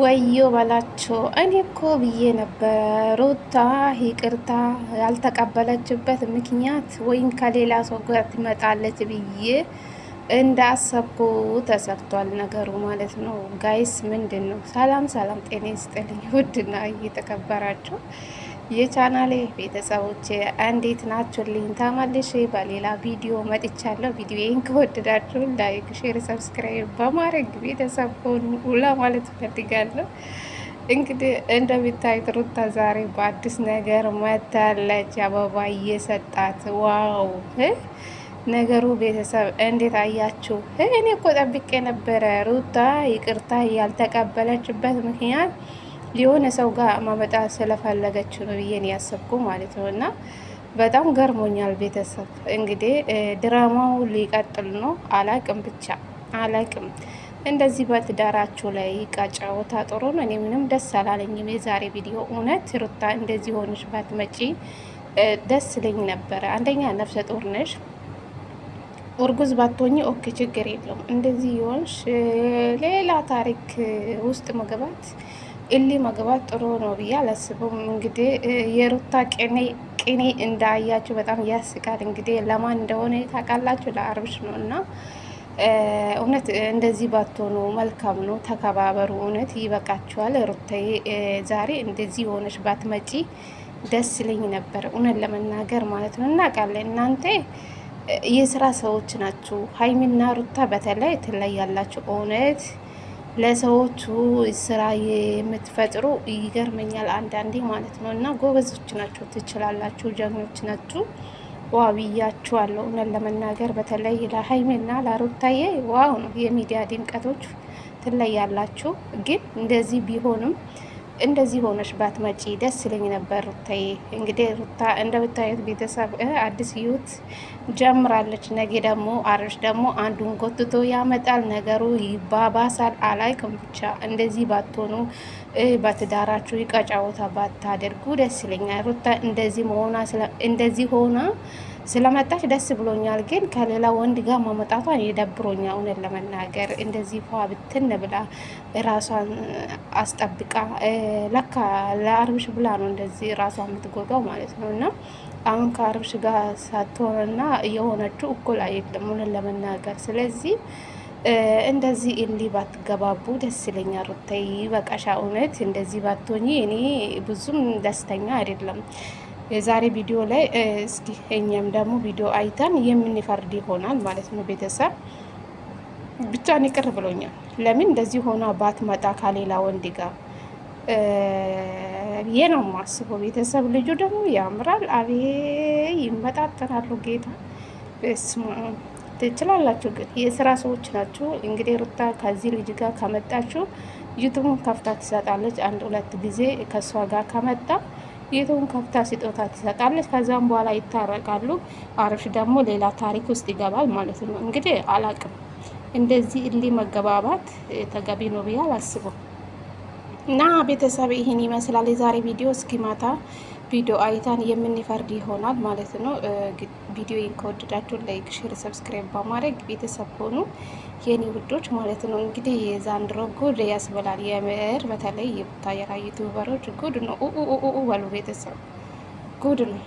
ወዮ በላቸው። እኔ እኮ ብዬ ነበር ሩታ ይቅርታ ያልተቀበለችበት ምክንያት ወይም ከሌላ ሰው ጋር ትመጣለች ብዬ እንዳሰብኩ ተሰርቷል ነገሩ ማለት ነው። ጋይስ ምንድን ነው? ሰላም ሰላም፣ ጤና ይስጥልኝ ውድና እየተከበራችሁ የቻናሌ ቤተሰቦች እንዴት ናችሁልኝ? ተመልሼ በሌላ ቪዲዮ መጥቻለሁ። ቪዲዮዬን ከወደዳችሁ ላይክ፣ ሼር፣ ሰብስክራይብ በማድረግ ቤተሰብ ሆኑ ለማለት ፈልጋለሁ። እንግዲህ እንደሚታዩት ሩታ ዛሬ በአዲስ ነገር መታለች። አበባ እየሰጣት ዋው! ነገሩ ቤተሰብ እንዴት አያችሁ? እኔ እኮ ጠብቄ ነበረ ሩታ ይቅርታ ያልተቀበለችበት ምክንያት የሆነ ሰው ጋር ማመጣ ስለፈለገች ነው ብዬን ያሰብኩ ማለት ነው። እና በጣም ገርሞኛል። ቤተሰብ እንግዲህ ድራማው ሊቀጥል ነው። አላቅም ብቻ አላቅም። እንደዚህ በትዳራችሁ ላይ ጫወታ ጥሩ ነው። እኔ ምንም ደስ አላለኝም የዛሬ ቪዲዮ። እውነት ሩታ እንደዚህ ሆንሽ ባትመጪ ደስ ልኝ ነበረ። አንደኛ ነፍሰ ጡር ነሽ። እርጉዝ ባትሆኝ ኦኬ፣ ችግር የለውም። እንደዚህ የሆንሽ ሌላ ታሪክ ውስጥ መግባት እሊ መግባት ጥሩ ነው ብዬ አላስብም። እንግዲህ የሩታ ቅኔ ቅኔ እንዳያችሁ በጣም ያስቃል። እንግዲህ ለማን እንደሆነ ታውቃላችሁ፣ ለአብርሽ ነው እና እውነት እንደዚህ ባትሆኑ መልካም ነው። ተከባበሩ። እውነት ይበቃችኋል። ሩታዬ ዛሬ እንደዚህ የሆነች ባትመጪ ደስ ይለኝ ነበር፣ እውነት ለመናገር ማለት ነው። እናውቃለን እናንተ የስራ ሰዎች ናችሁ። ሀይሚና ሩታ በተለይ ትለያላችሁ እውነት ለሰዎቹ ስራ የምትፈጥሩ ይገርመኛል አንዳንዴ ማለት ነው። እና ጎበዞች ናቸው፣ ትችላላችሁ፣ ጀግኖች ናችሁ። ዋው እውነት ለመናገር በተለይ ለሀይሜና ለሩታዬ ዋው ነው። የሚዲያ ድምቀቶች ትለያላችሁ። ግን እንደዚህ ቢሆንም እንደዚህ ሆነሽ ባትመጪ ደስ ይለኝ ነበር። ሩታዬ እንግዲህ ሩታ እንደምታዩት ቤተሰብ አዲስ ህይወት ጀምራለች። ነገ ደግሞ አብርሽ ደግሞ አንዱን ጎትቶ ያመጣል፣ ነገሩ ይባባሳል። አላይኩም ብቻ እንደዚህ ባትሆኑ፣ በትዳራችሁ ዕቃ ባታደርጉ ደስ ይለኛል። ሩታ እንደዚህ መሆና እንደዚህ ሆና ስለመጣች ደስ ብሎኛል። ግን ከሌላ ወንድ ጋር መመጣቷን የደብሮኛ እውነት ለመናገር እንደዚህ ፏ ብትን ብላ ራሷን አስጠብቃ ለካ ለአርብሽ ብላ ነው እንደዚህ ራሷን የምትጎዳው ማለት ነው። እና አሁን ከአርብሽ ጋር ሳትሆንና የሆነችው እኩል አይደለም እውነት ለመናገር ስለዚህ እንደዚህ እንዲህ ባትገባቡ ደስ ይለኛል። ሩታይ በቃሻ እውነት እንደዚህ ባትሆኚ እኔ ብዙም ደስተኛ አይደለም። የዛሬ ቪዲዮ ላይ እስኪ እኛም ደግሞ ቪዲዮ አይተን የምንፈርድ ይሆናል ማለት ነው። ቤተሰብ ብቻ እኔ ብሎኛል። ለምን እንደዚህ ሆና ባትመጣ ከሌላ ወንድ ጋር ይሄ ነው ማስበው። ቤተሰብ ልጁ ደግሞ ያምራል። አቤ ይመጣጠናሉ። ጌታ ስማ ትችላላችሁ። ግን የስራ ሰዎች ናችሁ። እንግዲህ ሩታ ከዚህ ልጅ ጋር ከመጣችሁ ዩቱቡን ከፍታ ትሰጣለች። አንድ ሁለት ጊዜ ከእሷ ጋር ከመጣ ቤቱን ከፍታ ስጦታ ትሰጣለች። ከዛም በኋላ ይታረቃሉ። አብርሽ ደግሞ ሌላ ታሪክ ውስጥ ይገባል ማለት ነው። እንግዲህ አላቅም፣ እንደዚህ እሊ መገባባት ተገቢ ነው ብዬ አላስብም። እና ቤተሰብ ይህን ይመስላል የዛሬ ቪዲዮ። እስኪ ማታ ቪዲዮ አይታን የምንፈርድ ይሆናል ማለት ነው። ቪዲዮ ከወደዳችሁ ላይክ፣ ሼር፣ ሰብስክራይብ በማድረግ ቤተሰብ ሆኑ የኔ ውዶች ማለት ነው። እንግዲህ የዛንድሮ ጉድ ያስበላል። የምር በተለይ የቡታየራ ዩቱበሮች ጉድ ነው። ኡ በሉ ቤተሰብ ጉድ ነው።